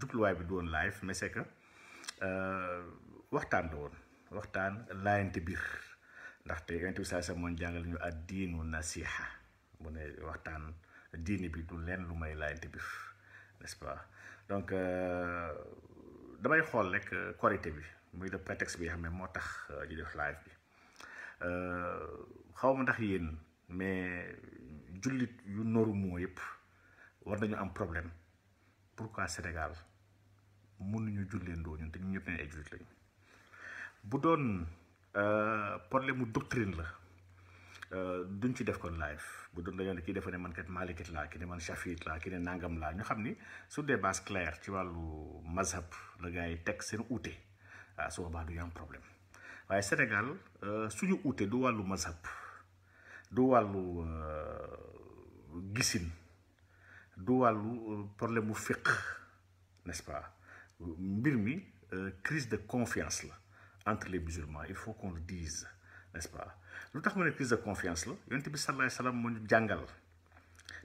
jubluwaay bi doon live mais c'est que euh, waxtaan la woon waxtaan laayante biir ndaxte yonent bi saa moon jàngale ñu ad diinu nasiha mu ne waxtaan diini bi du leen lu may laayante biir n'est-ce pas donc euh, damay xool rek euh, korité bi muy le prétexte bi nga xam ne moo tax ñu def live bi xaw ma ndax yéen mais jullit yu noru moo yëpp war nañu am problème pour pourquoi Sénégal mënuñu julleendoo ñun te ñu ñëpp ne ay jullit lañu bu doon euh, problème mu doctrine la euh, duñ ci def kon live bu doon dañoo ne kii dafa ne man kat malikit laa ki ne man shafiit laa ki ne nangam laa ñu xam ni su dee base claire ci wàllu mazhab la yi teg seen uute soo ah, su du ñu am problème waaye Sénégal euh, suñu uute du wàllu mazhab du wàllu gisin du wàllu problème mu fiq nest mbir mi euh, crise de confiance la entre les musulmans il faut qu'on le dise n'est-ce pas lu tax ma ne crise de confiance la yonent bi sallallahu alayhi wa sallam moo jàngal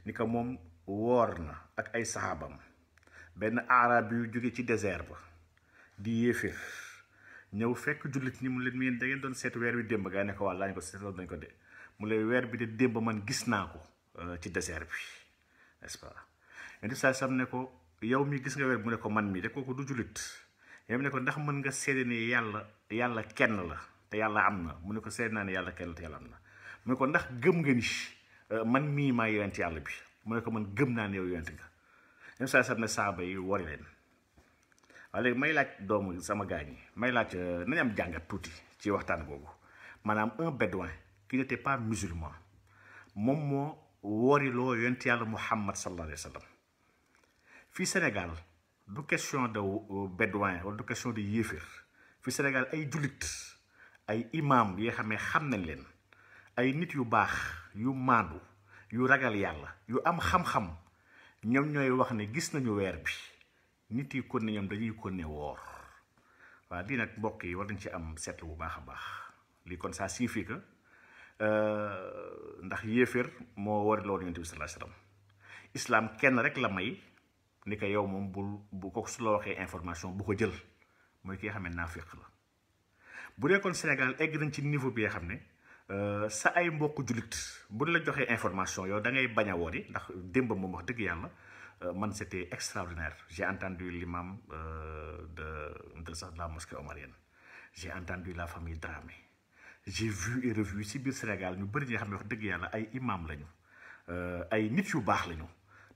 ni ko moom woor na ak ay saxaabam benn aarab yu jóge ci désert ba di yéeféer ñëw fekk jullit ñi mu leen meen da ngeen doon seet weer wi démb gaa ne ko wàll laañ ko seetloon dañ ko de mu weer bi de démb man gis naa ko euh, ci désert bi ne ko yow mi gis nga weer mu ne ko man mii de kooku du jullit yow mi ne ko ndax mën nga seede ne yàlla yàlla kenn la te yàlla am na mu ne ko seede naa ne yàlla kenn la te yàlla am na mu ne ko ndax gëm nga ni euh, man mii maa yonent yàlla bi mu ne ko man gëm naa ne yow yonent nga ñoom saa sam ne saaba yi wari leen waaye léegi may laaj doomu sama gaañ yi may laaj euh, nañ am jàngat tuuti ci waxtaan boobu maanaam un bédouin qui n'était pas musulman moom moo wari loo yonent yàlla fii Sénégal du question de euh, bédouin wala du question de yéeféer fii Sénégal ay jullit ay imaam yoo xam ne xam nañ leen ay nit yu baax yu maandu yu ragal yàlla yu am xam-xam ñoom ñooy wax ne gis nañu weer bi nit yi kon ne ñoom dañuy kon ne woor waa lii nag mbokk yi war nañ ci am seetlu bu baax a baax lii kon ça signifie que euh, ndax yéeféer moo wari loolu yonent bi sallallahu alayhi kenn rek la may ni ko yow moom bul bu ko su la waxee information bu ko jël mooy ki nga xam ne naafiq la bu dee kon Sénégal egg nañ ci niveau bi nga xam ne euh, sa ay mbokk jullit buñ la joxee information yow da ngay bañ a woori ndax démb moom wax dëgg yàlla euh, man c'était extraordinaire j'ai entendu l'imam euh, de de sax de la mosquée omarienne j'ai entendu la famille Dramé j'ai vu et revu si biir Sénégal ñu bëri ñi nga xam ne wax dëgg yàlla ay imam lañu ay nit yu baax lañu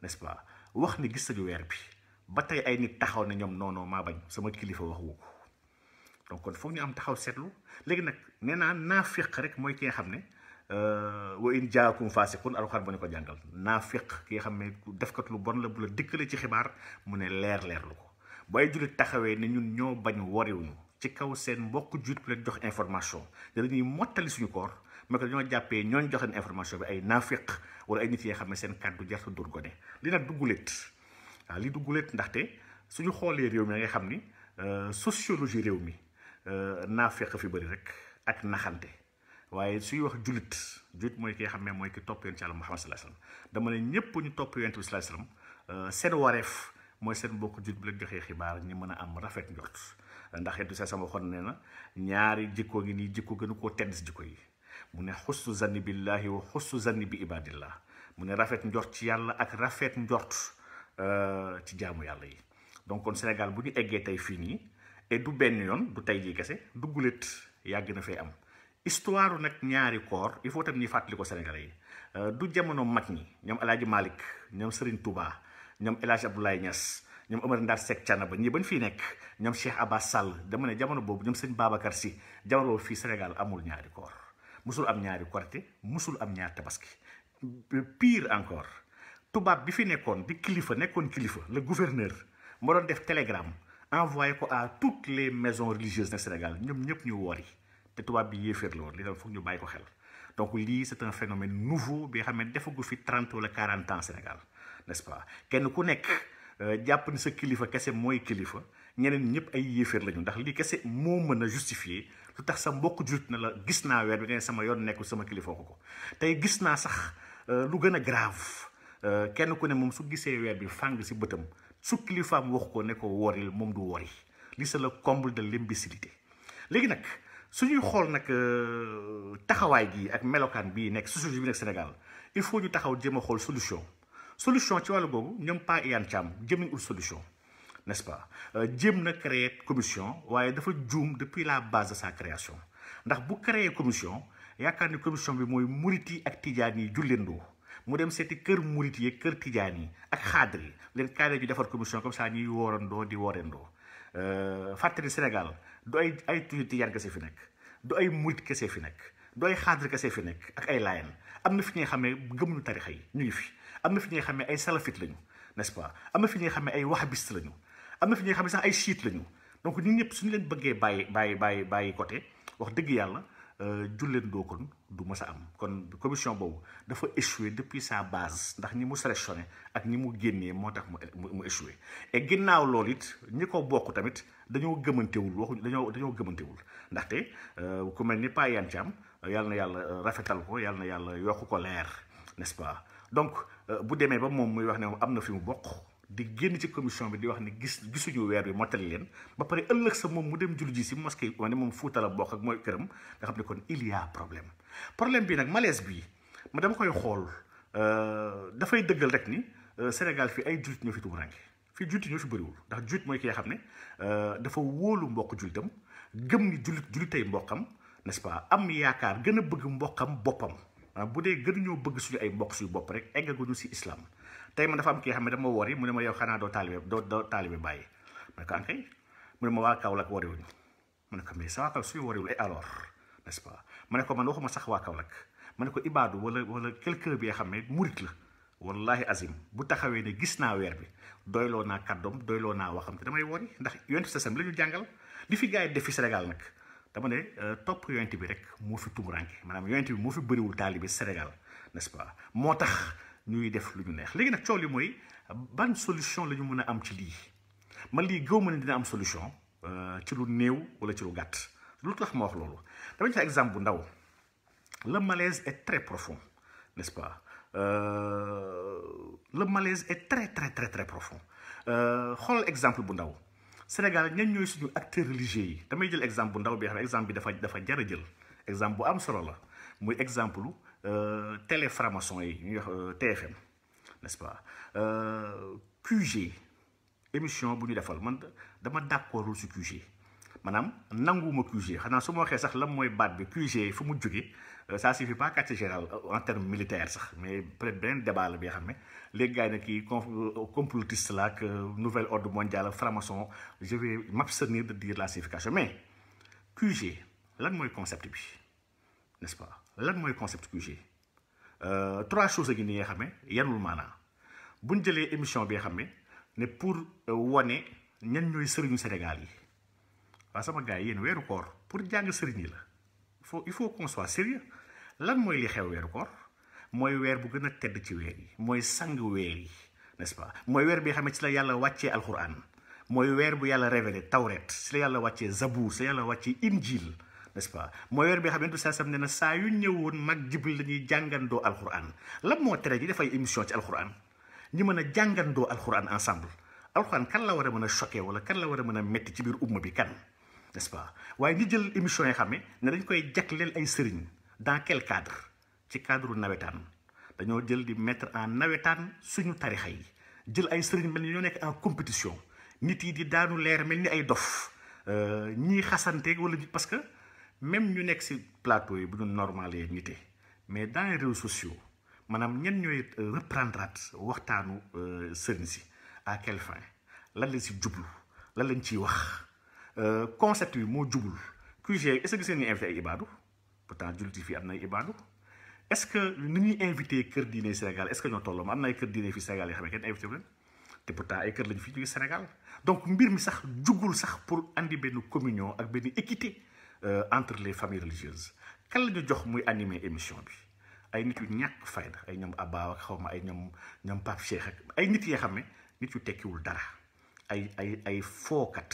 n'est-ce pas wax ni gis nañu weer bi ba tey ay nit taxaw na ñoom non non maa bañ sama kilifa wax ko donc kon foog ñu am taxaw seetlu léegi nag nee naa naafiq rek mooy ki nga xam ne euh, wa in jaakum kon alxuraan ba ñu ko jàngal naafiq ki nga xam ne defkat lu bon la bu la dikkale ci xibaar mu ne leer leer lu ko bu ay jullit taxawee ne ñun ñoo bañ wariwuñu ci kaw seen mbokk jullit bu leen jox information te dañuy mottali suñu koor Macky ñoo jàppee ñooñ joxe information bi ay naafiq wala ay nit yoo xam ne seen kàddu jar sa durgone li nag dugguleet waaw li dugguleet ndaxte suñu xoolee réew mi da xam ni euh, sociologie réew mi euh, naafiq fi bëri rek ak naxante waaye suy wax julit julit mooy ki nga xam ne mooy ki topp yonent ci Yàlla Muhammad sallallahu alayhi wasallam dama ne ñépp ñu topp yonent bi sallallahu alayhi euh, seen wareef mooy seen bokk julit bu leen joxee xibaar ñi mën a am rafet njort ndax yonent bi sama alayhi ne na ñaari jikko ngi nii jikko gënu koo tedd jikko yi mu ne xussu zanni billahi wa xussu zanni bi ibadillah mu ne rafet njort ci yàlla ak rafet njort euh, ci jaamu yàlla yi donc kon Sénégal bu ñu eggee tey fii nii et du benn yoon du tey jii kese duggulet yàgg na fay am histoire nag ñaari koor il faut tam ñuy fàttali senegal yi euh, du jamono mag ñi ñoom El malik Malick ñoom Serigne Touba ñoom El Hadj Abdoulaye Niass ñoom Omar Ndar Seck Thiénaba ñi bañ fii nekk ñoom Cheikh Abbas Sall dama ne jamono boobu ñoom sëñ Babacar Sy jamono fii Sénégal amul ñaari koor. mosul am ñaari korité musul am ñaar tabaski pire encore tubaab bi fi nekkoon di kilifa nekkoon kilifa le gouverneur moo doon def télégramme envoyé ko à toutes les maisons religieuses nag Sénégal ñoom ñëpp ñu woori te tubaab bi yéeféer la woon li tam foog ñu bàyyi ko xel donc lii c'est un phénomène nouveau bi nga xam ne defagu fi 30 wala 40 ans Sénégal n'est-ce pas kenn ku nekk euh, jàpp ni sa kilifa kese mooy kilifa ñeneen ñëpp ay yéeféer lañu ndax lii kese moo mën a justifier lu tax sa mbokk jullit na la gis naa weer bi nga ne sama yoon nekkul sama kilifa ko ko tey gis naa sax euh, lu gën a grave euh, kenn ku ne moom su gisee weer bi fàng si bëtam su kilifaam wax ko ne ko woril moom du wori li c'est le comble de l'imbécilité léegi nag su ñuy xool nag euh, taxawaay gi ak melokaan bii nekk société bi nekk Sénégal il faut ñu taxaw jéem a xool solution solution ci wàllu boobu ñoom Pa Iyane Thiam jëm nañ ut solution n'est-ce pas euh, jéem na créer commission waaye dafa juum depuis la base de sa création ndax bu créer commission yaakaar ni commission bi mooy murit yi ak tijaan yi julleendoo mu dem seeti kër murit yi kër tijaan yi ak xaadir yi leen kaay la defar commission comme ça ñuy woorandoo di woorandoo euh, fàttali Sénégal du ay ay tuuti tijaan kese fi nekk du ay kese fi nekk du ay kese fi nekk ak ay laayeen am na fi ñuy xamee gëmuñu tarixa yi ñu ngi fi am na fi ñuy xamee ay salafit lañu n'est-ce pas am na fi ñuy xamee ay waxabist lañu am na fi ñi nga xam ne sax ay siit lañu donc ñun ñëpp suñu leen bëggee bàyyi bàyyi bàyyi bàyyi côté wax dëgg yàlla euh, julleen doo kon du mës a am kon commission boobu dafa échoué depuis sa base ndax ñi mu sélectionné ak ñi mu génnee moo tax mu mu échoué et ginnaaw loolu it ñi ko bokk tamit dañoo gëmantewul waxuñ dañoo dañoo gëmantewul ndaxte euh, ku mel ni Pa Yane Thiam yàlla na yàlla euh, rafetal ko yàlla na yàlla yokk ko leer nest donc bu demee ba moom muy wax ne am na fi mu bokk di génn ci commission bi di wax ni gis gisuñu weer bi mottali leen ba pare ëllëg sa moom mu dem julli ji si mosquée ma ne moom Fuuta la ak mooy këram nga xam ne kon il problème problème bi nag malaise bi ma dama koy xool euh, dafay dëggal rek ni euh, Sénégal fii ay jullit ñoo fi tumurange fii jullit ñoo fi bëriwul ndax jullit mooy ki nga xam ne euh, dafa wóolu mbokk jullitam gëm ni jullit jullitay mbokkam n'est-ce pas am yaakaar gën a bëgg mbokkam boppam ah, bu dee gën ñoo bëgg suñu ay mbokk suñu bopp rek eggaguñu si islam tey man dafa am kii xam ne dama ma wori mu ne ma yow xanaa doo taalibe doo doo bàyyi ma ne ko ankay ah, mu ne ma waa Kaolack wariwuñ ma ne ko mais sa waa Kaolack suñu wariwul et alors ma ne ko man waxuma sax ibaadu wala wala quelqu'un bi nga xam ne murit la wallahi azim bu taxawee ne gis naa weer bi doyloo naa kàddoom doyloo naa waxam te damay wori ndax yonent sa sasam la ñu jàngal li fi gars yi def fi Sénégal nag dama ne euh, topp yonent bi rek moo fi tumuranke maanaam yonent bi moo fi bëriwul taalibe Sénégal moo tax ñuy def lu ñu neex léegi nag coow li mooy ban solution la ñu mën a am ci lii man lii gëw ma ne dina am solution euh, ci lu néew wala ci lu gàtt lu tax ma wax loolu dama joxe exemple bu ndaw le malaise est très profond n'est-ce pas euh, le malaise est très très très très profond euh, xool exemple bu ndaw Sénégal ñan ñooy suñu acteur religieux yi damay jël exemple bu ndaw bi xam exemple bi dafa dafa jar a jël exemple bu am solo la muy exemple Euh, télé franc-maçon yi ñuy wax euh, TFM n'est-ce pas euh, QG émission bu ñu defal man dama d'accordul si QG maanaam nanguwuma QG xanaa su ma waxee sax lan mooy baat bi QG fu mu jógee ça suffit pas quartier général en terme militaire sax mais peut-être beneen bi nga xam ne léegi gars yi ne kii complotiste la ak nouvel ordre mondial framason maçon je vais m'abstenir de dire la signification mais QG lan mooy concept bi n'est-ce pas lan mooy concept QG euh, trois choses gi ni nga xam ne yanul maanaa bu ñu jëlee émission bi nga xam ne ne pour euh, wane ñan ñooy sëriñu Sénégal yi waaw sama gars yi weeru koor pour jàng sëriñ yi la il faut il faut qu'on soit sérieux lan mooy li xew weeru koor mooy weer bu gën a tedd ci weer yi mooy sang weer yi nest pas mooy weer bi nga xam ne ci la yàlla wàccee alxuraan mooy weer bu yàlla révélé tawret ci la yàlla wàccee zabour ci la yàlla wàccee injil n'est-ce pas mooy weer bi xam ne du saa sam ne na saa yu ñëwoon mag jibril dañuy jàngandoo alxuraan lan moo tere ji dafay émission ci alxuraan ñi mën a jàngandoo alxuraan ensemble alxuraan kan la war a mën a choqué wala kan la war a mën a métti ci biir umma bi kan n'est-ce pas waaye ñi jël émission yi xam ne dañ koy jagleel ay sëriñ dans quel cadre ci cadre nawetaan dañoo jël di mettre en nawetaan suñu tarixa yi jël ay sëriñ mel ni ñoo nekk en compétition nit yi di daanu leer mel ni ay dof euh, ñii xasante wala parce que même ñu nekk ci plateau yi bu ñu normalee nite mais dans les réseaux sociaux maanaam ñen ñooy euh, reprendre waxtaanu euh, sëriñ si à quelle fin lan lañ ci jublu lan lañ ciy wax euh, concept bi moo jubul QG est-ce que seen ñuy invité ay ibaadu pourtant jullit fii am na ay ibaadu est-ce que ni ñuy invité kër diine Sénégal est-ce que ñoo tolloo ma am naa ay kër diine fii Sénégal yoo xam ne kenn invité wu leen fii jóge Sénégal donc mbir mi sax jugul sax pour indi benn communion ak benn équité Euh, entre les familles religieuses kan la ñu jox muy animé émission bi ay nit yu ñàkk fayda ay ñoom Abba ak xaw ma ay ñoom ñoom Pape Cheikh ak ay nit yoo xam ne nit yu tekkiwul dara ay ay ay fookat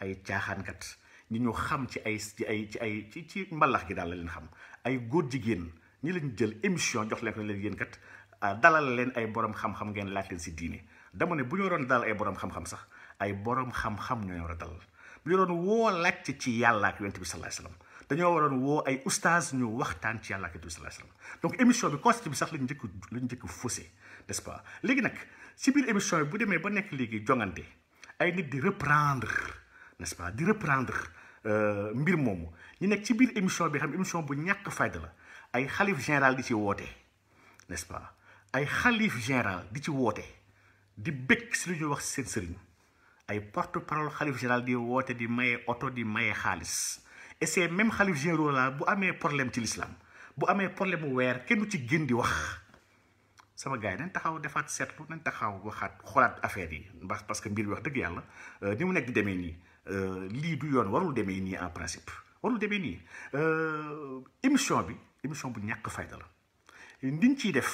ay caaxaankat ñi ñu xam ci ay ci ay ci ay ci ci mbalax gi daal la leen xam ay góor jigéen ñi lañ jël émission jox leen ko leen yéen kat ah, dalal leen ay borom xam-xam ngeen laaj si diine dama ne bu ñu waroon dalal ay borom xam-xam sax ay borom xam-xam ñoo war a dalal. ñu doon woo laajte ci yàlla ak yonent bi sallallahu alayhi wa sallam dañoo waroon woo ay oustaz ñu waxtaan ci yàlla ak yonent bi sallallahu alayhi wa sallam donc émission bi concept bi sax lañ njëkk lañ njëkk faussé n'est-ce pas léegi nag si biir émission bi bu demee ba nekk léegi jongante ay nit di reprendre n'est-ce pas di reprendre euh, mbir moomu ñu nekk ci biir émission bi xam émission bu ñàkk fayda la ay xalif général di ci woote n'est-ce pas ay xalif général di ci woote di bëgg si lu ñuy wax seen sëriñ ay porte parole xalif général di woote di maye oto di maye xaalis et même xalif généraux la bu amee problème ci l'islam bu amee problème bu weer kenn du ci gën di wax sama gaay yi nañ taxaw defaat seetlu nañ taxaw waxaat xoolaat affaire yi ndax parce que mbir bi wax dëgg yàlla euh, ni mu nekk di demee nii euh, lii du yoon warul demee nii en principe warul demee nii euh, émission bi émission bu ñàkk fayda la liñ ciy def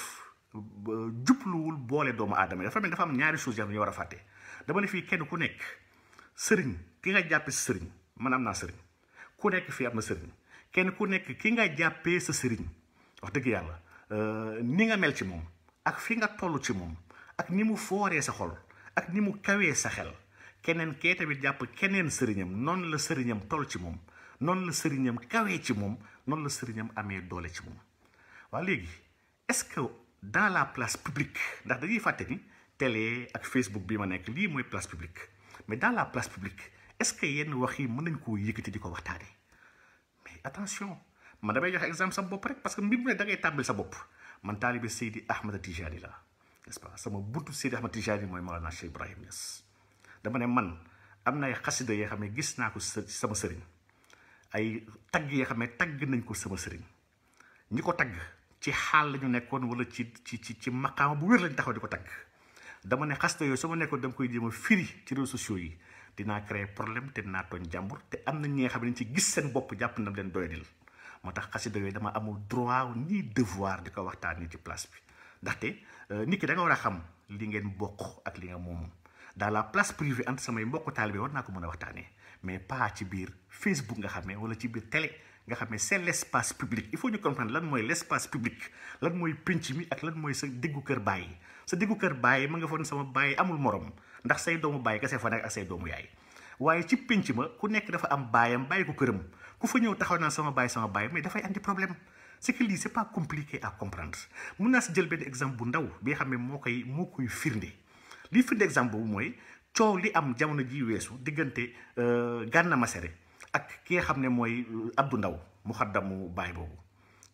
jubluwul boole doomu aadama yi dafa mel dafa am ñaari choses yoo xam ne ñu war a fàtte. dama ne fii kenn ku nekk sëriñ ki nga jàppee sa sëriñ man am naa sëriñ ku nekk fii am na sëriñ kenn ku nekk ki nga jàppee sa sëriñ wax dëgg yàlla euh, ni nga mel ci moom ak fi nga toll ci moom ak ni mu fooree sa xol ak ni mu kawee sa xel keneen kee tamit jàpp keneen sëriñam noonu la sëriñam toll ci moom noonu la sëriñam kawee ci moom noonu la sëriñam amee doole ci moom waa léegi est-ce que dans la place publique ndax dañuy fàtte ni télé ak Facebook bi ma nekk lii mooy place publique mais dans la place publique est-ce que yenn wax yi mën nañ koo yëkkati di ko waxtaanee mais attention man damay jox exemple sa bopp rek parce que mbir mu ne da ngay sa bopp man taalibe Seydi Ahmed Tijani la n'est-ce sama buntu Seydi Ahmed mooy Mawlana Cheikh Ibrahim Niass dama ne man am na ay xasida yoo xam ne gis naa ko sama sëriñ ay tagg yoo xam ne tagg nañ ko sama sëriñ ñi ko tagg ci xaal la ñu nekkoon wala ci ci ci maqaama bu wér lañ taxaw di ko tagg dama ne xas xaste su ma nekkoon dama koy jéem a firi ci réseaux sociaux yi dinaa créer problème te dinaa tooñ jàmbur te am na ñi nga xam ne ci gis seen bopp jàpp na leen doy moo tax xasida yooyu dama amul droit ni devoir di ko waxtaanee ci place bi ndaxte euh, nit ki da war a xam li ngeen bokk ak li nga moom dans la place privée entre samay mbokk taalibe war naa ko mën a waxtaanee mais pas ci biir Facebook nga xamee wala ci biir télé. nga xam ne c'est l'espace publique il faut ñu comprendre lan mooy l'espace public lan mooy pénc mi ak lan mooy sa diggu kër bàyyi sa diggu kër bàyyi ma nga foon sama bàyyi amul morom ndax say doomu bàyyi kese fa nekk ak say doomu yaay waaye ci pénc ma ku nekk dafa am baayam bàyyi ko këram ku fa ñëw taxaw naa sama baay sama baay mais dafay andi problème c'est que lii c'est pas compliqué à comprendre mun naa si jël benn exemple bu ndaw bi nga ne moo koy moo koy lii firnde exemple boobu mooy coow li am jamono ji weesu diggante euh, Gana Messeré ak ki nga xam ne mooy Abdou Ndaw mu xaddamu baay boobu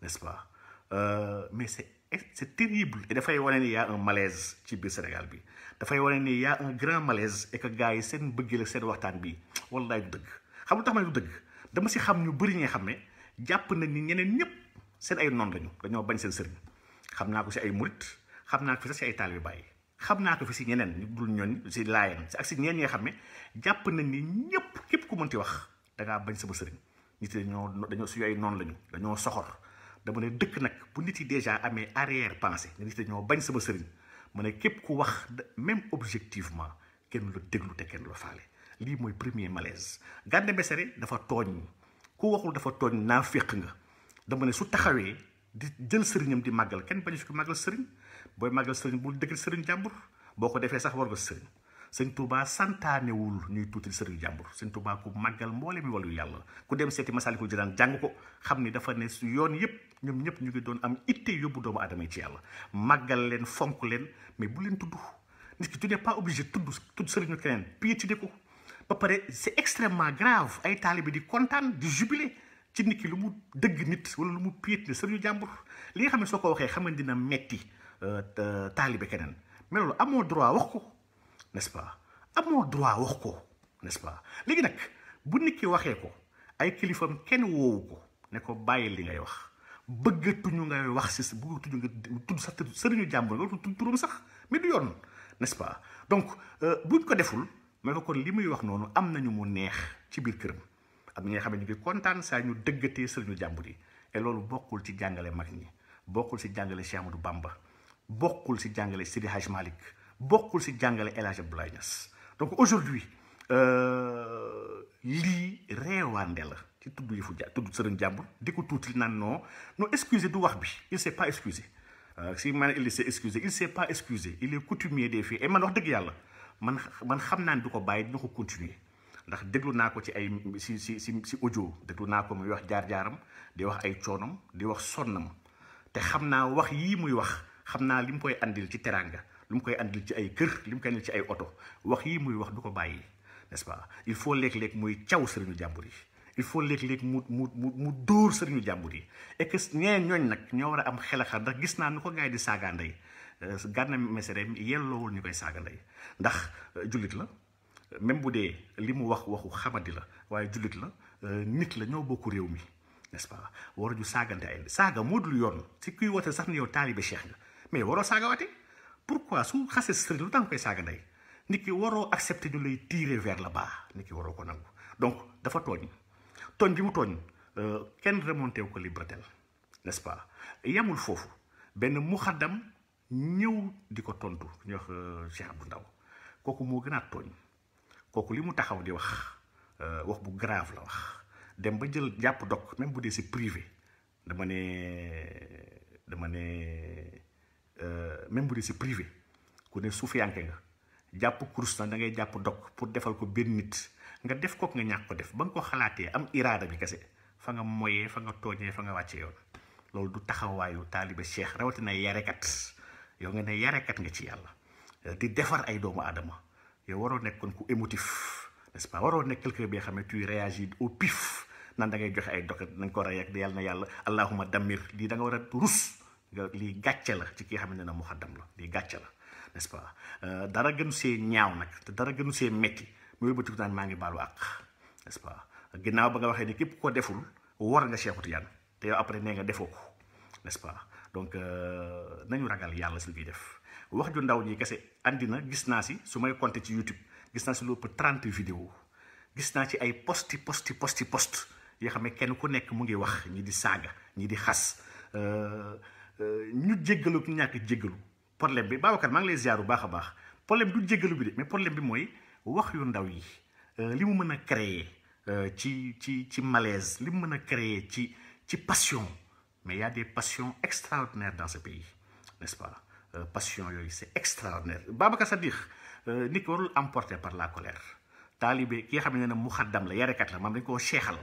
n'est-ce pas euh, mais c'est c'est terrible et dafay wane ni y a un malaise ci biir Sénégal bi dafay wane nii y a un grand malaise et que yi seen bëggee la seen waxtaan bi wallaay du dëgg xam lu tax ma ne du dëgg dama si xam ñu bëri ñi xam ne jàpp nañ ni ñeneen ñëpp seen ay noon lañu dañoo bañ seen sëriñ xam naa ko si ay murit xam naa ko fi sax si ay taalibe Baay xam naa ko fi si ñeneen ñu dul ñooñ si laayan si ak si ñeen ñi nga xam ne jàpp nañ ni ñëpp képp ku mënti wax dangaa bañ sama sëriñ nit ñoo dañoo dañoo suñu ay noonu lañu dañoo soxor dama ne dëkk nag bu nit yi déjà amee arrière pensée nit ñoo dañoo bañ sama sëriñ ma ne képp ku wax même objectivement kenn lu déglu te kenn lu faale lii mooy premier malaise Gana Messere dafa tooñ ku waxul dafa tooñ naa féq nga dama ne su taxawee di jël sëriñam di màggal kenn bañu su ko màggal sëriñ booy màggal sëriñ bul dëgg sëriñ jàmbur boo ko defee sax war nga sëriñ sëñ Touba santaanewul ñuy tuuti sëriñ jàmbur sëñ Touba ku màggal mboole mi walu yàlla ku dem seeti Masaalikul Jinaan jàng ko xam ni dafa ne su yoon yëpp ñoom ñëpp ñu ngi doon am itte yóbbu doomu aadama yi ci yàlla màggal leen fonk leen mais bu leen tudd nit ki tu n'es pas obligé tudd tudd sëriñu keneen piétiner ko ba pare c'est extrêmement grave ay taalibe di kontaan di jubilé ci nit ki lu mu dëgg nit wala lu mu piétiner sëriñu jàmbur li nga xam ne soo ko waxee xam ne dina metti euh, euh, taalibe keneen mais amoo droit n'est-ce pas amoo droit wax ko n'est-ce pas léegi nag bu nit ki waxee ko ay kilifam kenn woowu ko ne ko bàyyi li ngay wax bëggatuñu ngay wax si bëggatuñu nga tudd sax sëriñu jàmbur nga tudd turam sax mais du yoon n'est-ce pas donc euh, buñ ko deful ma ne ko kon li muy wax noonu am nañu mu neex ci biir këram am na ñi nga xam ne kontaan saa ñu dëggatee sëriñu jàmbur yi et loolu bokkul ci jàngale mag ñi bokkul si jàngale Cheikh du Bamba bokkul si jàngale Sidi Haj bokkul si jàngale El Hadj Abdoulaye Niass donc aujourd'hui euh, lii reewaande la ci tudd yi fu ja tudd sëriñ jàmbur di ko tuuti naan non non excusé du wax bi il s'est pas excusé euh, si man il s'est excusé il s'est pas excusé il est coutumier des fii et man wax dëgg yàlla man man xam naa ne du ko bàyyi dina ko continuer ndax déglu naa ko ci ay si si si si audio naa ko muy wax jaar-jaaram di wax ay coonam di wax sonnam te xam naa wax yii muy wax xam naa li mu koy andil ci teraanga lu mu koy andil ci ay kër lu mu koy andil ci ay oto wax yii muy wax du ko bàyyi n'est-ce pas il faut léeg-léeg muy caw sëriñu jàmbur yi il faut léeg-léeg mu mu mu mu dóor sëriñu jàmbur yi et que ñeen ñooñ nag ñoo war a am xel ndax gis naa nu ko gars yi di saaga ndey euh, Gana Messere yelloowul ñu koy saaga ndey ndax euh, jullit la même bu dee li mu wax waxu xamadi la waaye jullit la euh, nit la ñoo bokk réew mi n'est-ce pas waruñu saagante ay saaga moo dul yoon si kuy woote sax ne yow taalibe cheikh pourquoi su xasee sëriñ lu tax nga koy saaga ndey nit ki waroo accepter ñu lay tirer vers le baax nit ki waroo ko nangu donc dafa tooñ tooñ bi mu tooñ euh, kenn remonté wu ko Libreville n'est-ce pas yamul foofu benn muxaddam ñëw di ko tontu ñu wax euh, Cheikh Abdou Ndaw kooku moo gën tooñ kooku li mu taxaw di wax euh, wax bu grave la wax dem ba jël jàpp dog même bu dee si privé dama ne dama ne. Euh, même bu dee si privé ku ne suufiyanke nga jàpp kurus na da ngay jàpp dog pour defal ko benn nit nga def kook nga ñàkk ko def ba nga ko xalaatee am iraada bi kese fa nga moyee fa nga tooñee fa nga wàcce yoon loolu du taxawaayu taalibe cheikh rawatina yarekat yow nga ne yarekat nga ci yàlla euh, di defar ay doomu aadama yow waroo nekkoon ku émotif n'est-ce waroo nekk quelqu'un bi nga xam ne tu réagis au nan da ngay joxe ay doket nañ ko rey ak yàlla na yàlla allahuma damir lii da nga war a rus lii gàcce la ci ki xam ne ne muxaddam la lii gàcce la n'est-ce pas euh, dara gënu see ñaaw nag te dara gënu see metti muy bëtiku naan maa ngi baalu àq n'est-ce pas ginnaaw ba nga waxee ni képp ko deful war nga Cheikh Tidiane te yow après nee nga defoo ko n'est-ce pas donc euh, nañu ragal yàlla si lu ñuy def wax ju ndaw ñi kese andi na gis naa si su may compter ci YouTube gis naa si lu ëpp 30 vidéo gis naa ci ay posti posti posti post yoo xam ne kenn ku nekk mu ngi wax ñi di saaga ñi di xas euh, Euh, ñu jéggalu ak ñàkk jéggalu problème bi Babacar maa ngi lay ziar bu baax a baax problème du jéggalu bi de mais problème bi mooy wax yu ndaw yi euh, li mu mën a créer euh, ci ci ci malaise li mu mën a créer ci ci passion mais y a des passions extraordinaires dans ce pays n'est-ce pas passion yooyu c'est extraordinaire Babacar Sadikh nit ki warul emporté par la colère taalibe ki nga xam ne ne muxaddam la yarekat la maam dañ koo seexal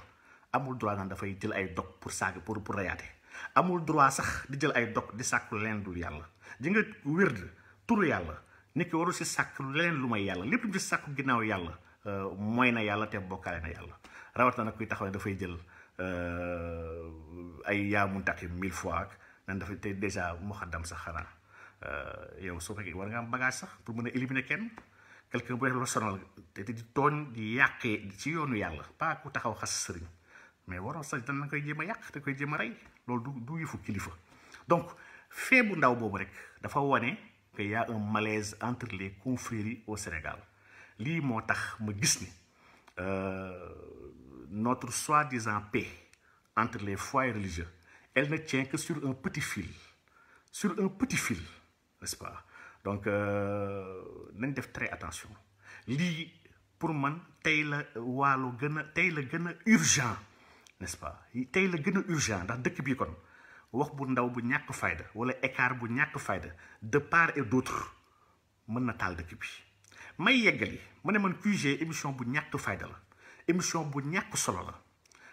amul droit naan dafay jël ay dog pour saaga pour pour rayaate amul droit sax di jël ay dog di sàkku leneen dul yàlla di nga wérd turu yàlla nit ki warul si sàkk leneen lu may yàlla lépp lu ci sàkku ginnaaw yàlla euh, moy na yàlla te bokkaale na yàlla kuy taxaw dafay jël euh, ay yaa muntaqi fois ak nan te dèjà muxaddam sax xanaa euh, yow soo fekkee war nga am bagage sax pour mën a éliminer kenn quelqu'un bu def la sonal te di tooñ di yàqee ci yoonu yàlla pas ku taxaw xas sëriñ mais waroo sax danañ koy jéem a yàq te koy jéem a rey loolu du du yëfu kilifa donc fee bu ndaw boobu rek dafa wane que y a un malaise entre les confréries au Sénégal lii moo tax ma gis ni euh, notre soi-disant paix entre les fois religieux elle ne tient que sur un petit fil sur un petit fil n'est-ce pas donc euh, nañ def très attention lii pour man tey la waalo gën a tey la gën a urgent nest pa pas tey la gën a urgent ndax dëkk bii kon wax bu ndaw bu ñàkk fayda wala écart bu ñàkk fayda de part et d'autre mën na taal dëkk bi may yeggali ma ne man QG émission bu ñàkk fayda la émission bu ñàkk solo la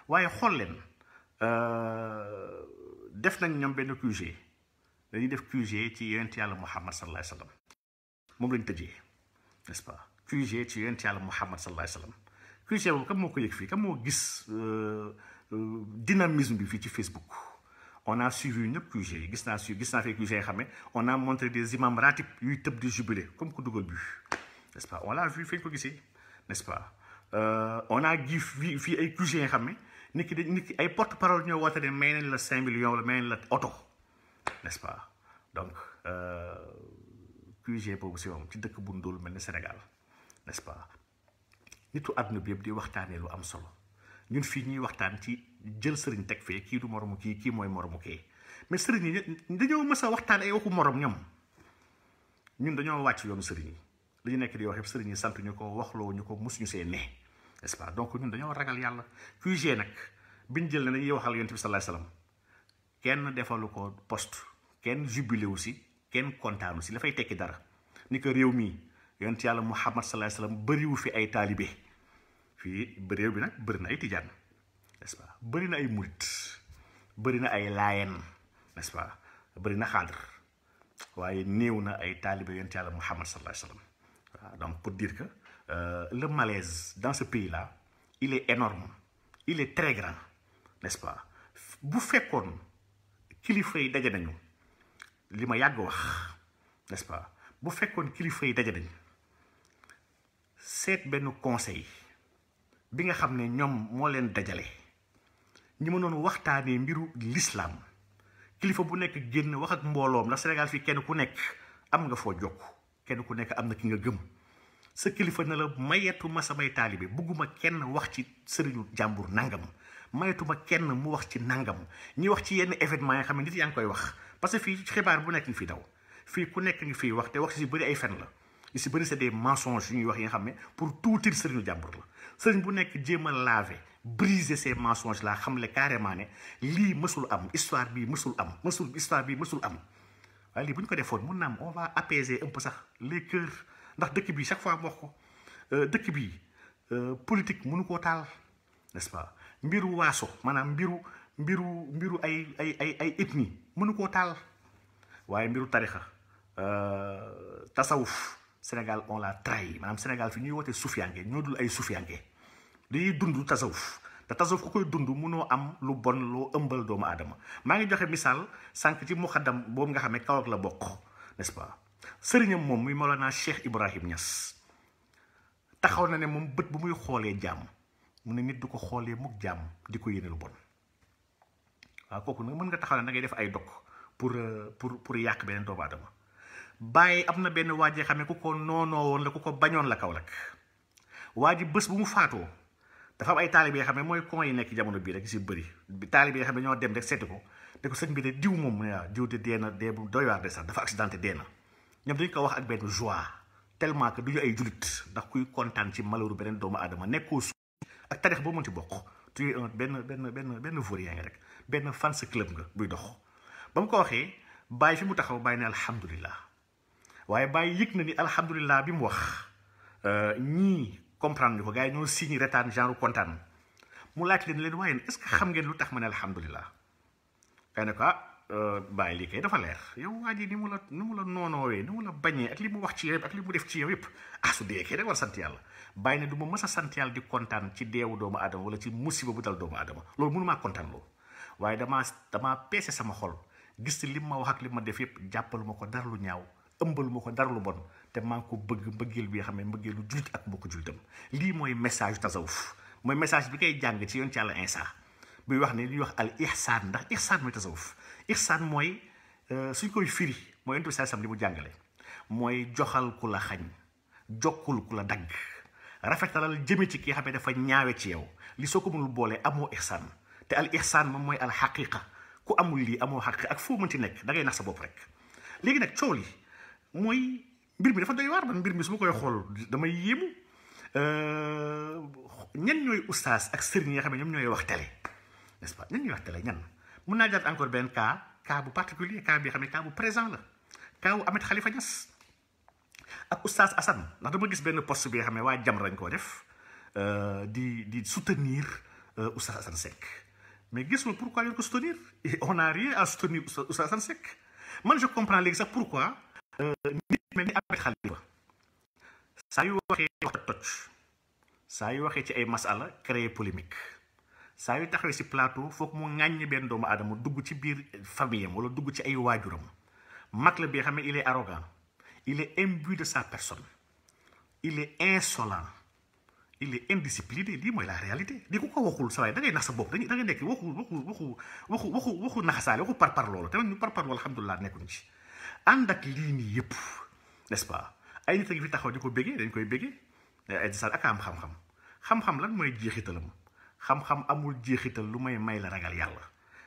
waaye xool leen euh, def nañ ñoom benn QG dañuy def QG ci yonent yàlla Muhammad sallallahu alayhi wa sallam moom lañ tëjee nest ci yonent yàlla Muhammad sallallahu alayhi wa sallam QG boobu kam moo ko yëg fii kam moo gis euh, Euh, dynamisme bi fii ci Facebook on a suivi ñëpp yu jëyee gis naa su gis naa fekk yu jëyee xam ne on a montré des imams ratib yuy tëb di jubilé comme ku dugal bi n'est-ce pas on l'a euh, a gis fii fii ay QG yoo xam ne nit ki dañ nit ki ay porte parole ñoo woote ne may nañ la cinq millions wala may nañ la oto n'est-ce pas donc QG euh, boobu si moom ci dëkk bu ndóol mel ni Sénégal n'est-ce pas nitu àdduna bi yëpp di waxtaanee lu am solo. ñun fii ñuy waxtaan ci jël sëriñ teg fee kii du moromu kii kii mooy moromu kii mais sëriñ yi dañoo mës a waxtaan ay waxu morom ñoom ñun dañoo wàcc yoonu sëriñ yi li ñu nekk di wax yëpp sëriñ yi sant ñu ko waxloo ñu ko mosuñu see ne n'est-ce pas donc ñun dañoo ragal yàlla QG nag biñ jël ne dañuy waxal yonent bi sallallahu alayhi wasallam kenn defalu ko poste kenn jubilé wu si kenn kontaanu si dafay tekki dara ni ko réew mii yonent yàlla Muhammad sallallahu alayhi wasallam bëriwu fi ay taalibe fii réew bi nag bëri na ay tijaan n'est-ce bëri na ay murit bëri na ay laayeen n'est-ce bëri na xaadar waaye néew na ay taalibe yonent yàlla Muhammad sallallahu alayhi wa sallam donc pour dire que euh, le malaise dans ce pays là il est énorme il ce pas bu fekkoon kilifa yi daje nañu li ma yàgg wax n'est-ce bu fekkoon kilifa yi daje nañu seet benn conseil bi nga xam ne ñoom moo leen dajale ñi mënoon waxtaanee mbiru lislaam kilifa bu nekk génn wax ak mbooloom ndax Sénégal fii kenn ku nekk am nga foo jokk kenn ku nekk am na ki nga gëm sa kilifa ne la mayetuma samay taalibe bugguma kenn wax ci sëriñu jàmbur nangam mayetuma kenn mu wax ci nangam ñi wax ci yenn événement yi nga xam ne nit yaa ngi koy wax parce que fii xibaar bu nekk ngi fi daw fii ku nekk ngi fii wax te wax ci si bëri ay fen la li si bëri c'est des mensonges yu ñuy wax yi nga xam ne pour tuuti sëriñu jàmbur la sëriñ bu nekk jéem a laver briser ces mensonges laa xam le carrément ne lii mësul am histoire bi mësul am mësul histoire bii mësul am waaye lii bu ñu ko defoon mun na am on va apaiser un sax les ndax dëkk bi chaque fois wax ko euh, dëkk bi euh, politique mënu koo taal n'est-ce pas mbiru waaso maanaam mbiru mbiru mbiru ay ay ay ay ethnie mënu koo taal waaye mbiru tarixa euh, tasawuf Sénégal on l'a trahi maanaam Sénégal fi ñuy wootee suufiyanke ñoo dul ay suufiyanke dañuy dund tasawuf te tasawuf ku koy dund munoo am lu bon loo ëmbal doomu aadama maa ngi joxe misaal sànq ci muxaddam boobu nga xam ne Kaolack la bokk n'est-ce pas sëriñam moom muy Mawlana Cheikh Ibrahim Niass taxaw na ne moom bët bu muy xoolee jàmm mu ne nit du ko xoolee mukk jàmm di ko yéene lu bon waaw kooku nag mën nga taxaw na ngay def ay dog pour euh, pour pour yàq beneen doomu aadama bàyyi am na benn waajee xam ne ku ko noonoo woon la ku ko bañoon la Kaolack waa ji bés faatoo dafa am ay taalibe yoo ne mooy con yi nekk jamono bii rek si bëri taalibe yoo xam ne ñoo dem rek seeti ko da ko sëñ bi de diw moom mu ah, diw de dee na dee bu doy de sax dafa accidenté dee na ñoom dañu ko wax ak benn joie tellement que du ay julit ndax kuy kontaan ci malheuru beneen doomu aadama nekkoo su ak tarix boo mënti bokk tu es benn benn benn benn vaurien nga rek benn fans club nga buy dox ba mu ko waxee bàyyi fi mu taxaw bàyyi ne alhamdulillah waaye bàyyi yëg na ni bi mu wax euh, ñii comprendre ñu ko gars yi ñoo signé retaan genre kontaan mu laaj leen leen waaye est-ce que xam ngeen lu tax ma ne alhamdulilah kay ne ko ah euh, bàyyi lii kay dafa leer yow waa ji ni mu la ni mu la noonoowee ni mu la bañee ak li mu wax ci yow ak li mu def ci yow yëpp ah su dee kay da war sant yàlla bàyyi ne du ma mës a sant yàlla di kontaan ci deewu doomu aadama wala ci musiba bu dal doomu aadama loolu mënumaa kontaan loolu waaye damaa damaa peese sama xol gis li ma wax ak li ma def yëpp jàppalu ma ko dara lu ñaaw ëmbalu ko dara bon te man ko bëgg mbëggeel bi nga xam ne mbëggeelu jullit ak mbokku jullitam lii mooy message tasawuf mooy message bi koy jàng ci yoon ci yàlla insa buy wax ne li wax al ihsaan ndax ihsaan mooy tasawuf ihsaan mooy euh, suñ koy firi mooy yonent bi sallallahu alayhi li mu jàngale mooy joxal ku la xañ jokkul ku la dagg rafetalal jëme ci ki xam ne dafa ñaawe ci yow li soo ko mënul boolee amoo ihsaan te al ihsaan moom mooy al xaqiqa ku amul lii amoo xaqiqa ak foo mënti nekk da nax sa bopp rek léegi nag coow mbir mi dafa doy waar man mbir mi su ma koy xool damay yéemu euh, ñan ñooy ustaas ak sëriñ yi nga xam ne ñoom ñooy wax télé n'est-ce pas ñan ñooy wax tele ñan mun naa jàpp encore benn cas cas bu particulier cas bi xam ne cas bu présent la cas wu Ahmed Khalifa Niass ak ustaas Assane ndax dama gis benn post bi nga xam ne waa jam lañ koo def euh, di di soutenir euh, ustaas Assane Seck mais gisuma pourquoi ñu ko soutenir on n'a rien à soutenir ustaas Assane Seck man je comprends mel ni ab xale ba saa yu waxee waxta toj saa yu waxee ci ay masala créer polémique saa yu taxawee si plateau foog mu ŋàññ benn doomu aadama dugg ci biir famille am wala dugg ci ay waajuram mag la bi xam ne il est in il est de sa personne il est insolent il est indiscipliné lii mooy la réalité di ko ko waxul sa waay nax sa bopp da ngay nekk waxu waxu waxu waxu waxu waxu naxasaale waxu par loolu te ñu par loolu alhamdulilah nekkuñu ci ànd ak n'est-ce pas ay nit a ngi fi taxaw di ko béggee dañ koy béggee eh, ay di ak am xam-xam xam-xam lan mooy jeexitalam xam-xam amul jeexital lu may may la ragal yàlla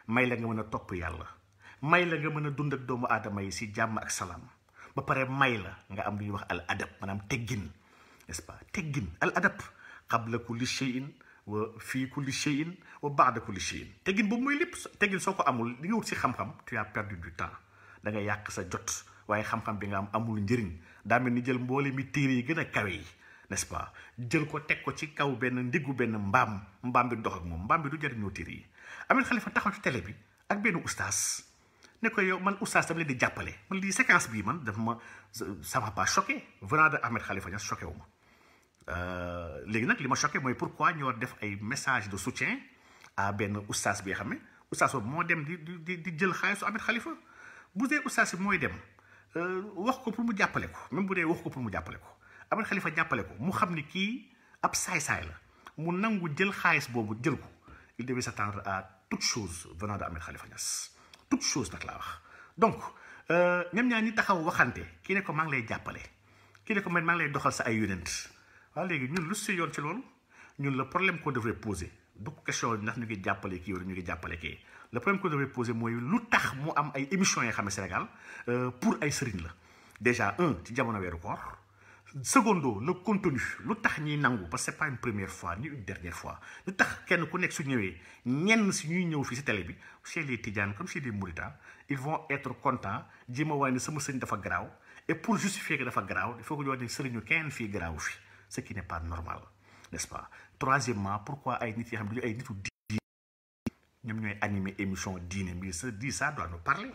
may la nga mën a topp yàlla may la nga mën a dund ak doomu aadama yi si jàmm ak salaam ba pare may la nga am lu ñuy wax al adab maanaam teggin n'est-ce pas teggin al adab qabla kulli shay'in wa fii kulli shay'in wa ba'da kulli shay'in teggin boobu mooy lépp teggin soo ko amul li nga wut si xam-xam tu as perdu du temps da nga yàq sa jot waaye xam-xam bi nga am amul njëriñ daa mel ni jël mboole mi téere yi gën a kawe yi n'est-ce pas jël ko teg ko ci kaw benn ndiggu benn mbaam mbaam bi dox ak moom mbaam bi du jëriñoo téere yi Ahmed Khalifa taxaw ak benn oustaz ne ko yow man oustaz dama di jàppale man lii bii man dafa ma ça m'a pas choqué venant de Ahmed Khalifa Niass choqué wu ma euh, léegi nag li ma choqué mooy pourquoi ñoo def ay message de soutien ah benn oustaz bi nga xam ne oustaz boobu moo dem di di di jël xaalisu Ahmed xalifa bu dee oustaz bi mooy dem Euh, wax ko pour mu jàppale ko même bu dee wax ko pour mu jàppale ko Ahmed xalifa jàppale ko mu xam ni kii ab saay-saay la mu nangu jël xaalis boobu jël ko il devait s'attendre à toute chose venant de Ahmed Khalifa Niass toute chose nag laa wax donc euh, ñoom ñaar ñi taxaw waxante kii ne ko maa ngi lay jàppale kii ne ko man maa lay doxal sa ay yonent waaw léegi ñun lu si yoon ci loolu ñun la problème qu'on devrait poser du question bi ndax ñu ngi jàppale kii ñu ngi jàppale kii le problème mooy lu tax mu am ay émissions yoo xam ne Sénégal euh, pour ay sëriñ la déjà un ci jamono weeru koor secondo le contenu lu tax ñuy nangu parce que c'est pas une première fois ni une dernière fois lu tax kenn ku nekk su ñëwee ñenn si ñuy ñëw fii si télé bi chez les Tidiane comme si les Mourides ils vont être contents jéem a waay ne sama sëñ dafa garaaw et pour justifier que dafa garaaw il faut que ñu wax sëriñu kenn fii garaaw fii ce qui n'est pas normal nest troisièmement pourquoi ay nit yoo xam ay nitu diine ñoom ñooy animer émission diine bi ça di ça doit nous parler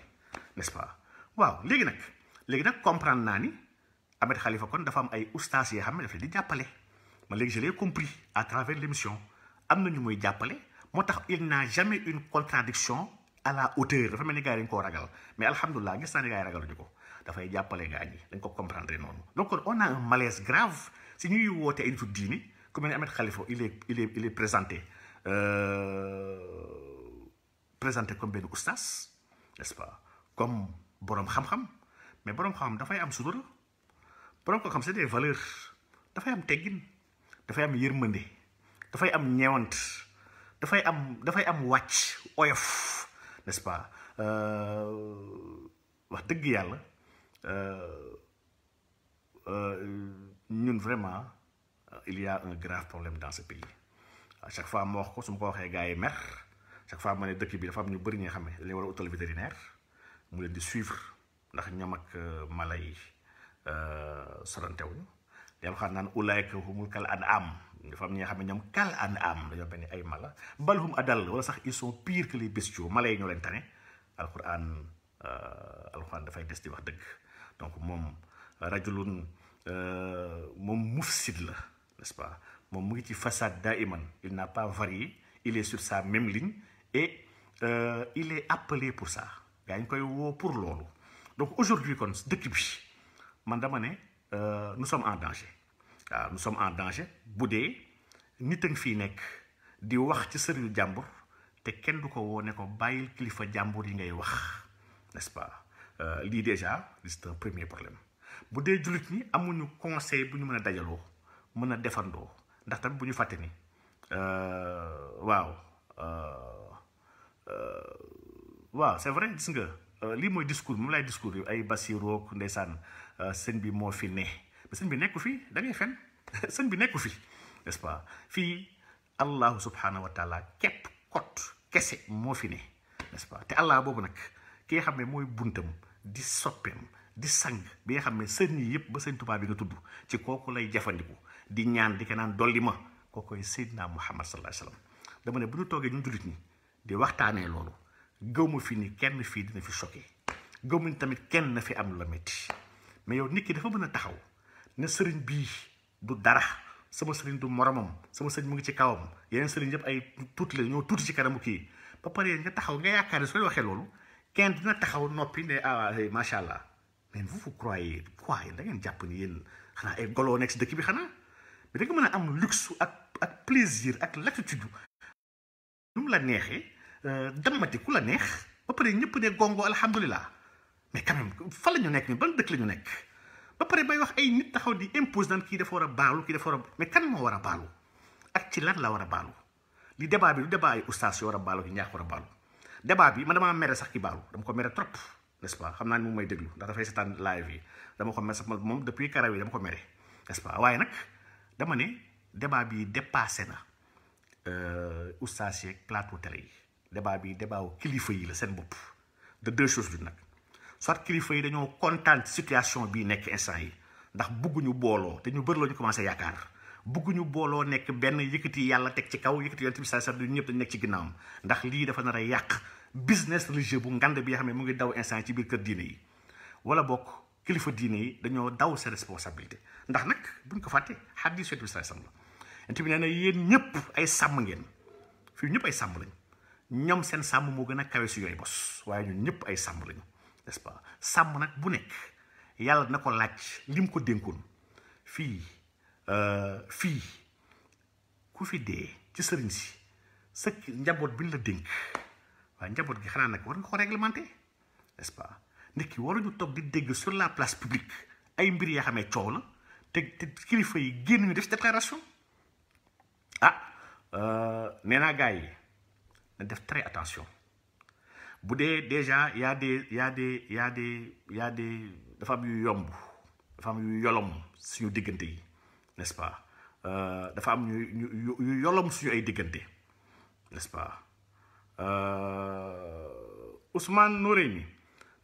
n'est-ce pas waaw léegi nag léegi nag comprendre naa ni Ahmed Khalifa kon dafa am ay ustaas yoo xam ne dafa di jàppale ma léegi je l'ai à travers l'émission am na ñu muy jàppale moo tax il n'a jamais une contradiction à la hauteur dafa mel ni gars yi dañ koo ragal mais alhamdulilah gis naa ne gars yi ragaluñu ko dafay jàppale gars yi dañ ko comprendre noonu donc on a un malaise grave si ku ni Ahmed Khalifa il est il présenté euh, présenté comme benn oustaz n'est-ce pas comme boroom xam-xam mais borom xam-xam dafay am sutura borom ko xam c'est des valeurs dafay am teggin dafay am yërmande dafay am ñeewant dafay am dafay am wàcc oyof n'est-ce pas euh, wax dëgg yàlla euh, ñun vraiment. Euh, il y a un grave problème dans ce pays chaque fois moo wax ko su ma ko waxee gars yi mer chaque fois ma ne dëkk bi dafa am ñu bëri ñi xam ne dañu war a utal vétérinaire mu leen di suivre ndax ñoom ak euh, mala yi euh, sorantewuñu li am xam naan ulaayka humul kal am dafa am ñi nga xam ne ñoom kal an am dañoo mel ni ay mala bal hum adal wala sax ils sont pires que les bestiaux mala yi ñoo leen tane alquran alquran dafay des di wax dëkk donc moom rajulun moom mufsid la n'est-ce pas moom mu ngi ci façade daiman il n'a pas varié il est sur sa même ligne et euh, il est appelé pour ça yaa ngi koy woo pour loolu donc aujourd'hui kon dëkk bi man dama ne euh, nous sommes en danger waaw nous sommes en danger bu dee nit a fii nekk di wax ci sëriñu jàmbur te kenn du ko woo ne ko bàyyil kilifa jàmbur yi ngay wax n'est-ce pas euh, lii déjà c'est un premier problème bu dee jullit ñi amuñu conseil bu ñu mën a dajaloo mën a defandoo ndax tamit bu ñu fàtte ni euh, waaw euh, waaw c'est vrai gis nga euh, lii mooy discours moom laay discours yu ay Basiroog ndeysaan sëñ bi moo fi ne sëñ bi nekku fii da ngay fen sëñ bi nekku fi n'est-ce pas fii allahu subhanahu wa taala képp kot kese moo fi ne n'est-ce te allah boobu nag ki nga xam ne mooy buntam di soppeem di sang bi nga xam ne sëñ yi yëpp ba sëñ Tuubaa bi nga tudd ci kooku lay jafandiku di ñaan di ko naan dolli ma kookoy Seydina Muhammad sallallahu alayhi wasallam dama ne bu ñu toogee ñun jullit ñi di waxtaanee loolu gëw ma fii ni kenn fii dina fi choqué gëw ma ni tamit kenn na fi am lu la métti mais yow nit ki dafa mën a taxaw ne sëriñ bii du dara sama sëriñ du moromam sama sëriñ mu ngi ci kawam yeneen sëriñ yëpp ay tuuti la tuuti ci kanamu kii ba pare taxaw nga yaakaar sooy waxee loolu kenn dina taxaw noppi ah, macha allah mais vous vous croyez quoi da jàpp ni yéen xanaa ay golo nekk dëkk bi xanaa. da nga mën a am luxe ak ak plaisir ak latitude nu la neexee euh, dammati ku la neex ba pare ñëpp ne gongo alhamdulilah mais quand même fa la ñu nekk ni ban dëkk la ñu nekk ba pare bay wax ay nit taxaw di impose naan kii dafa war a baalu kii dafa war a kan moo war a baalu ak ci lan la war a baalu li débat bi du débat ay ustaas bi man damaa mere sax ki baalu dama ko mere trop n'est-ce moom may déglu ndax dafay seetaan live yi dama ko mere sax moom depuis karaw yi dama ko mere n'est-ce waaye nag dama ne débat bi dépassé na euh, oustaz yeeg plateau télé yi débat bi débat kilifa yi la seen bopp de deux choses lu nag soit kilifa yi dañoo kontaan situation bii nekk instant yi ndax bugguñu booloo te ñu bëri la ñu commencé yaakaar bugguñu booloo nekk benn yëkkati yàlla teg ci kaw yëkkati yonent bi saa du ñëpp dañu nekk ci ginnaawam ndax lii dafa nar a yàq business religieux bu ngande bi nga xam ne mu ngi daw instant ci biir kër diine yi wala bokk kilifa diine yi dañoo daw sa responsabilité ndax nag buñ ko fàtte xadis yonent bi sallallahu alayhi wasallam la yonent bi na yéen ñëpp ay sàmm ngeen fii ñëpp ay sàmm lañ ñoom seen sàmm moo gën a kawe si yooyu bos waaye ñoo ñëpp ay sàmm lañu n'est-ce pas sàmm nag bu nekk yàlla na ko laaj li ko dénkoon fii euh, fii ku fi dee ci sëriñ si sa njaboot bi ñu la dénk waaye njaboot gi xanaa nag war nga ko réglementé n'est-ce pas nit ki waruñu toog di dégg sur la place publique ay mbir yaa xamee coow la te te kilifa yi génn ñu def déclaration ah euh, nee naa gars yi na def très attention bu dee déjà y a des y a des y a dafa am yu yomb dafa am yu yolom suñu diggante yi n'est-ce pas euh, dafa am ñu yu yolom suñu ay diggante n'est-ce pas euh, Ousmane Noreyni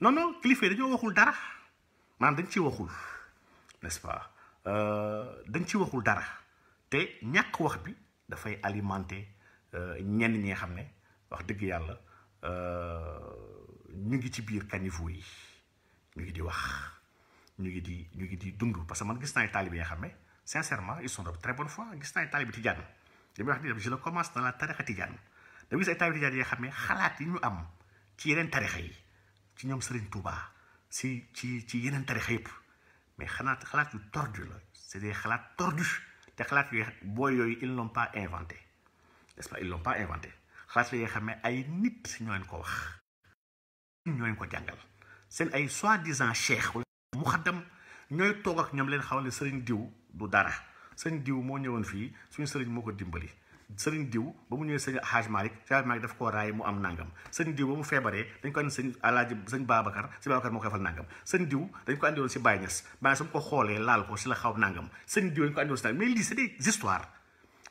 non non kilifa yi dañoo waxul dara maanaam dañ ci waxul n'est-ce Euh, dañ ci waxul dara te ñàkk wax bi dafay alimenter euh, ñenn ñi nga xam ne wax dëgg yàlla euh, ñu ngi ci biir caniveau yi ñu ngi di wax ñu ngi di ñu ngi di dund parce que man gis naa ay taalibe nga xam ne sincèrement ils sont de très bonne foi gis naa ay taalibe tijaan li may wax nii je le commence dans la tarixa tijaan da gis yi xam ne xalaat yi ñu am ci yeneen tarixa yi ci ñoom Serigne Touba si ci ci yeneen tarixa yëpp. mais xanaat xalaat yu tordu la c'est des xalaat tordu te xalaat yooyu booy yooyu ils n'ont pas inventé n'est-ce pas ils l'ont pas inventé xalaat la yoo xam ay nit ñoo leen ko wax ñoo leen ko jàngal seen ay soit soi-disant cheikh wala muxaddam ñooy toog ak ñoom leen xamal ne sëriñ diw du dara sëriñ diw moo ñëwoon fii suñu sëriñ moo ko dimbali sëriñ diw ba mu ñëwee sëñ Haj Malick sëñ daf koo raay mu am nangam sëriñ diw ba mu feebaree dañ ko andi sëñ alaaji sëñ Babacar sëñ nangam sëñ diw dañ ko andi si Baye Niass Baye Niass mu ko xoolee laal ko si la xaw nangam sëñ diw dañ ko andi woon si nangam mais lii c'est des histoires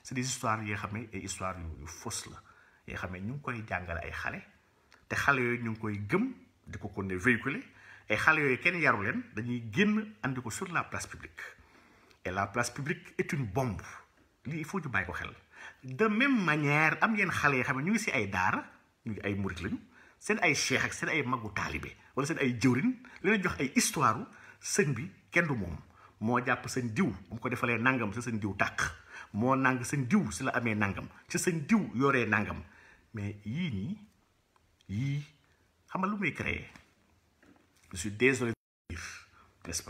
c'est des xam ne ay histoires yu fausse la yoo xam ne ñu ngi koy jàngale ay xale te xale yooyu ñu ngi koy gëm di ko kon ne véhiculer xale yooyu kenn yaru leen dañuy génn andi ko sur la place publique et la place publique est une bombe lii il faut ñu bàyyi ko xel de même manière am ngeen xale yi xam ne ñu ngi si ay daara ñu ngi ay murit lañu seen ay cheikh ak seen ay magu taalibe wala seen ay jëwrin leen jox ay histoire sëñ bi kenn du moom moo jàpp seen diw mu ko defalee nangam si seen diw tàq moo nang seen diw si la amee nangam si seen diw yoree nangam mais yii nii yii xam nga lu muy créer je suis désolé n'est-ce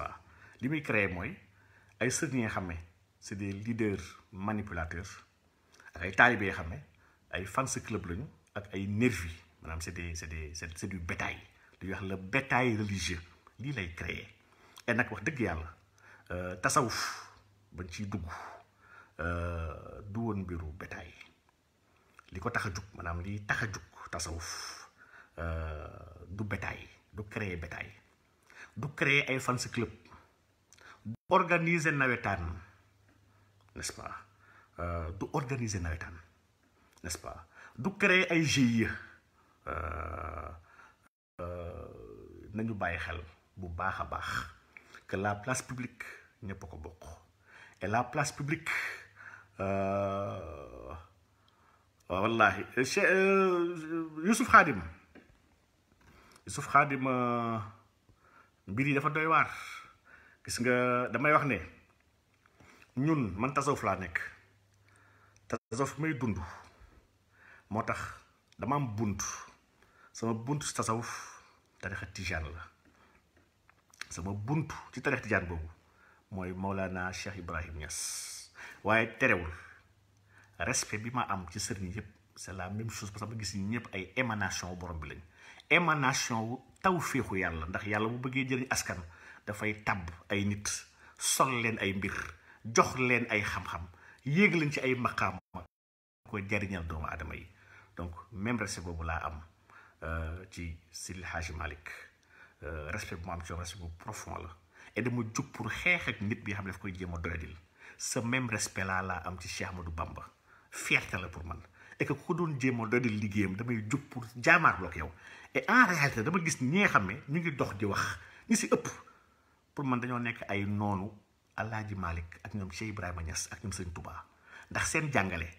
li muy créer mooy ay sëñ yi nga xam ne c'est des leaders manipulateurs ay taalibe yoo xam ne ay fans club lañu ak ay nervi maanaam c'est des c'est des c'est du bétail li ñuy wax le bétail lii lay créer et nag wax dëgg yàlla euh, tasawuf bañ ciy dugg euh, du woon mbiru bétail li ko tax a jug maanaam li tax a jug tasawuf euh, du bétail du créer bétail du créer ay fans club organiser nawetaan nest pas Euh, du organiser nawetaan nest pas du créer ay GIE euh, euh, nañu bàyyi xel bu baax a baax que la place publique ñëpp a ko bokk et la place publique wallahi che Youssouf Khadim Youssouf mbir yi dafa doy waar gis nga damay wax ne ñun man tasawuf laa nekk tasawuf may dund moo tax dama am bunt sama bunt ci tasawuf tarixa tijaan la sama bunt ci tarixa tijaan boobu mooy Maulana Cheikh Ibrahim ñas waaye terewul respect bi ma am ci sëriñ yëpp c'est la même chose ba que gis ñi ñëpp ay émanation borom bi lañ émanation wu taw féexu yàlla ndax yàlla bu bëggee jëriñ askan dafay tàbb ay nit sol leen ay mbir jox leen ay xam-xam yéeg ci ay maqaam ko jariñal doomu adama yi donc même respect boobu laa am euh, ci Seydi El Hadji euh, bu ma am ci respect bu profond la et dama jug pour xeex ak nit bi xam ne daf koy jéem a doyadil ce même respect laa laa am ci Cheikh Ahmadou Bamba fierté la pour man et que doon jéem a liggéeyam damay jug pour jaamaarloo ak yow en réalité dama gis ñi nga xam ne ñu ngi dox di wax ñu si ëpp pour man dañoo nekk ay noonu Alaaji Malick ak ñoom Cheikh Ibrahima Niass ak ñoom Sëñ Touba ndax seen jàngale.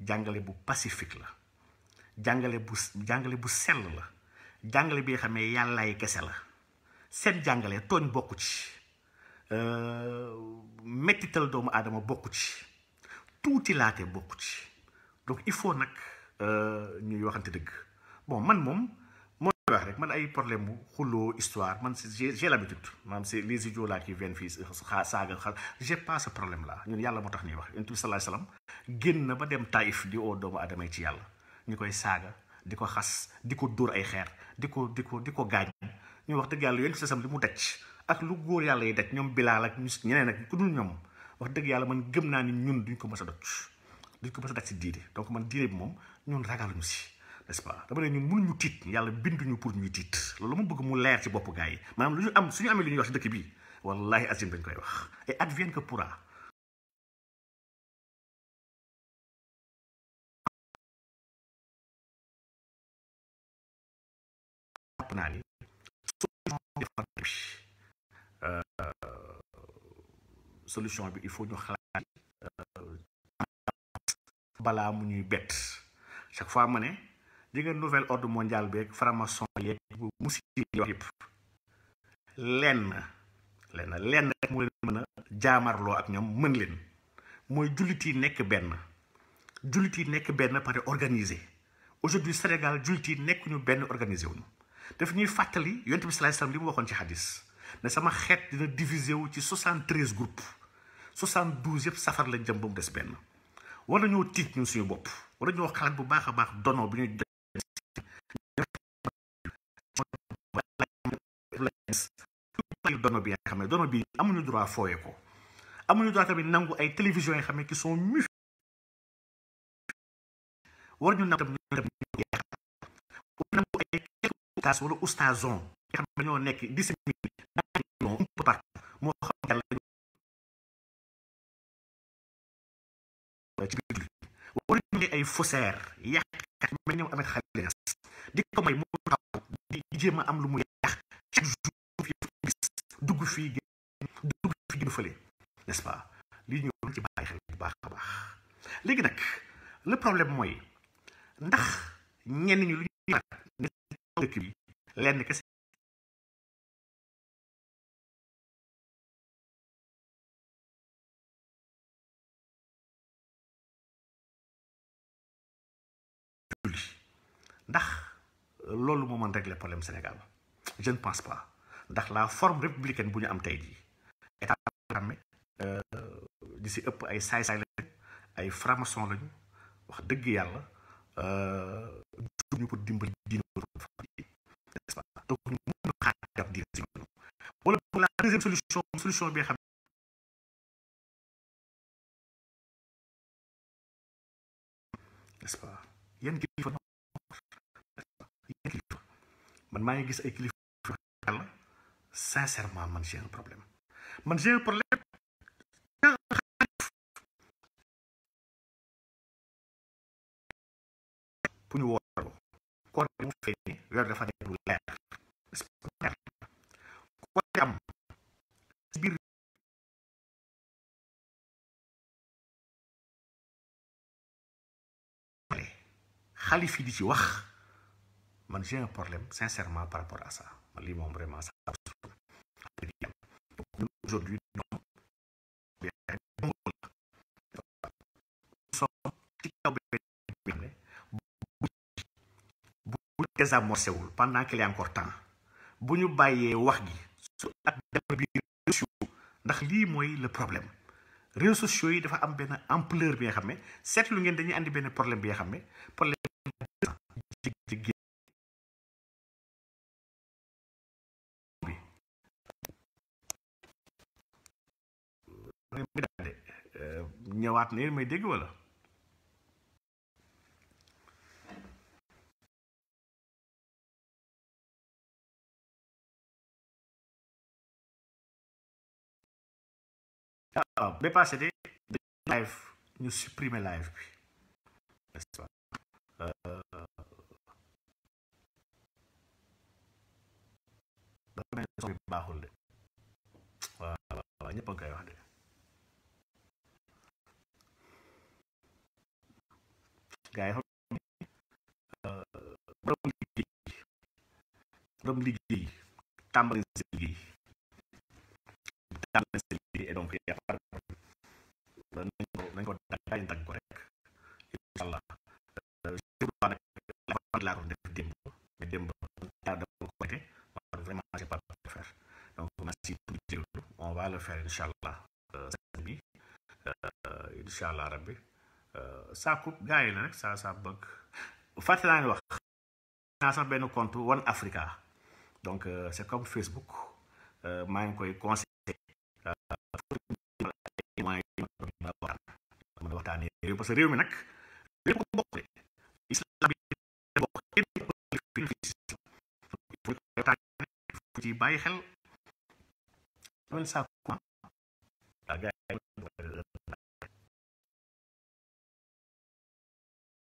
jàngale bu pacifique la jàngale bu jàngale bu sell la jàngale bi nga xam ne yàllaay kese la seet jàngale tooñ bokku ci euh, mettital doomu aadama bokku ci tuuti laate bokku ci donc il faut nag euh, ñuy waxante dëgg bon man moom koy wax rek man ay problème bu xuloo histoire man j'ai j'ai l'habitude maanaam c'est les idiots na ba dem Taïf di oo ñu koy saaga di ko xas di ko dóor ay xeer di ko di ko di ko gaañ ñu wax dëgg yàlla yonent bi li mu daj ak lu góor yàlla yi daj ñoom Bilaal ak ñeneen ak ku dul ñoom wax dëgg yàlla man gëm naa ni ñun duñ ko mës a doj duñ ko mës a daj si diine donc moom ñun ragaluñu si n'est-ce pas dama ne ñu mënuñu tiit yàlla binduñu pour ñuy tiit loolu ma bëgg mu leer ci bopp gars yi maanaam lu ñu am suñu amee lu ñuy wax ci dëkk bi wallahi azim dañ koy wax et advienne que naa ni euh, bi il faut ñu xalaat euh, balaa mu ñuy bett chaque fois ma ne di nga nouvel ordre mondial beeg franc-maçon yeeg bu musiba yi yëpp lenn lenn lenn rek moo leen mën na jaamarloo ak ñoom mën leen mooy jullit yi nekk benn jullit yi nekk benn pare organisé aujourd'hui Sénégal jullit yi nekk ñu benn organisé wuñu def ñuy fàttali yonent bi sallallahu alayhi li mu waxoon ci hadis ne sama xeet dina divisé wu ci 73 groupes 72 yëpp safar lañ jëm ba mu des benn war nañoo tiit ñun suñu bopp war nañoo xalaat bu baax a baax dono yu dono bi nga xam ne dono bi amuñu droit fooye ko amuñu droit ay télévision yi xam ne qui sont muf war ñu nangu tamit di ko may mu taw di jéem am lu mu yàq chaque jour dugg fii dugg fii génn fële n'est-ce pas lii ñu ci bàyyi xel bu baax a baax léegi nag le problème mooy ndax ñenn ñu lu ñu ne dëkk lenn kese ndax loolu moo mën régler problème Sénégal je pense pas ndax la forme républicaine bu ñu am tey jii état amee di si ëpp ay saay-saay lañu ay franc lañu wax dëgg yàlla euh, ñu pour dimbali diine n'est-ce pas donc ñu mën a si wala la deuxième solution solution bi xam nest man maa ngi gis ay kilifa yàlla sincèrement man j'ai un problème man j'ai un problème pour ñu wootaloo koor bi mu weer dafa nekk lu leer koor bi am si biir xalif yi di ci wax man j'ai un problème sincèrement par rapport à ça lii moom vraiment ça aujourd'hui donc ci kaw bu désamorcé wul pendant qu'il encore temps bu ñu bàyyee wax gi su ak dem bi réseaux ndax lii mooy le problème réseaux sociaux yi dafa am benn ampleur bi nga xam ne seetlu ngeen dañuy indi benn problème bi nga xam ne problème Eh, ñëwaat na yéen may dégg wala waaw ah, ba passé de live ñu supprimer live bi n'est-ce pas euh, baaxul de waaw waaw ñëpp a ngi koy wax de gaa yi xam ne euh, borom liggéey borom liggéey liggéey tàmbali seen liggéey et donc yaa par nañ ko nañ ko daañu tàgg ko rek incha allah euh, laa doon def démb mais démb daa dama ko reke man vraiment j'ai pas pu faire donc merci pour jéglu on va le faire incha allah euh, semaine bi incha rabbi Euh, saaku gars yi la rek saa saa bëgg fàtte naa ni wax naa sax benn compte One Africa donc euh, c'est comme Facebook euh, maa ngi koy conseillé mën a waxtaanee réew parce que réew mi nag réew ko de islam bi bokk fu ci bàyyi xel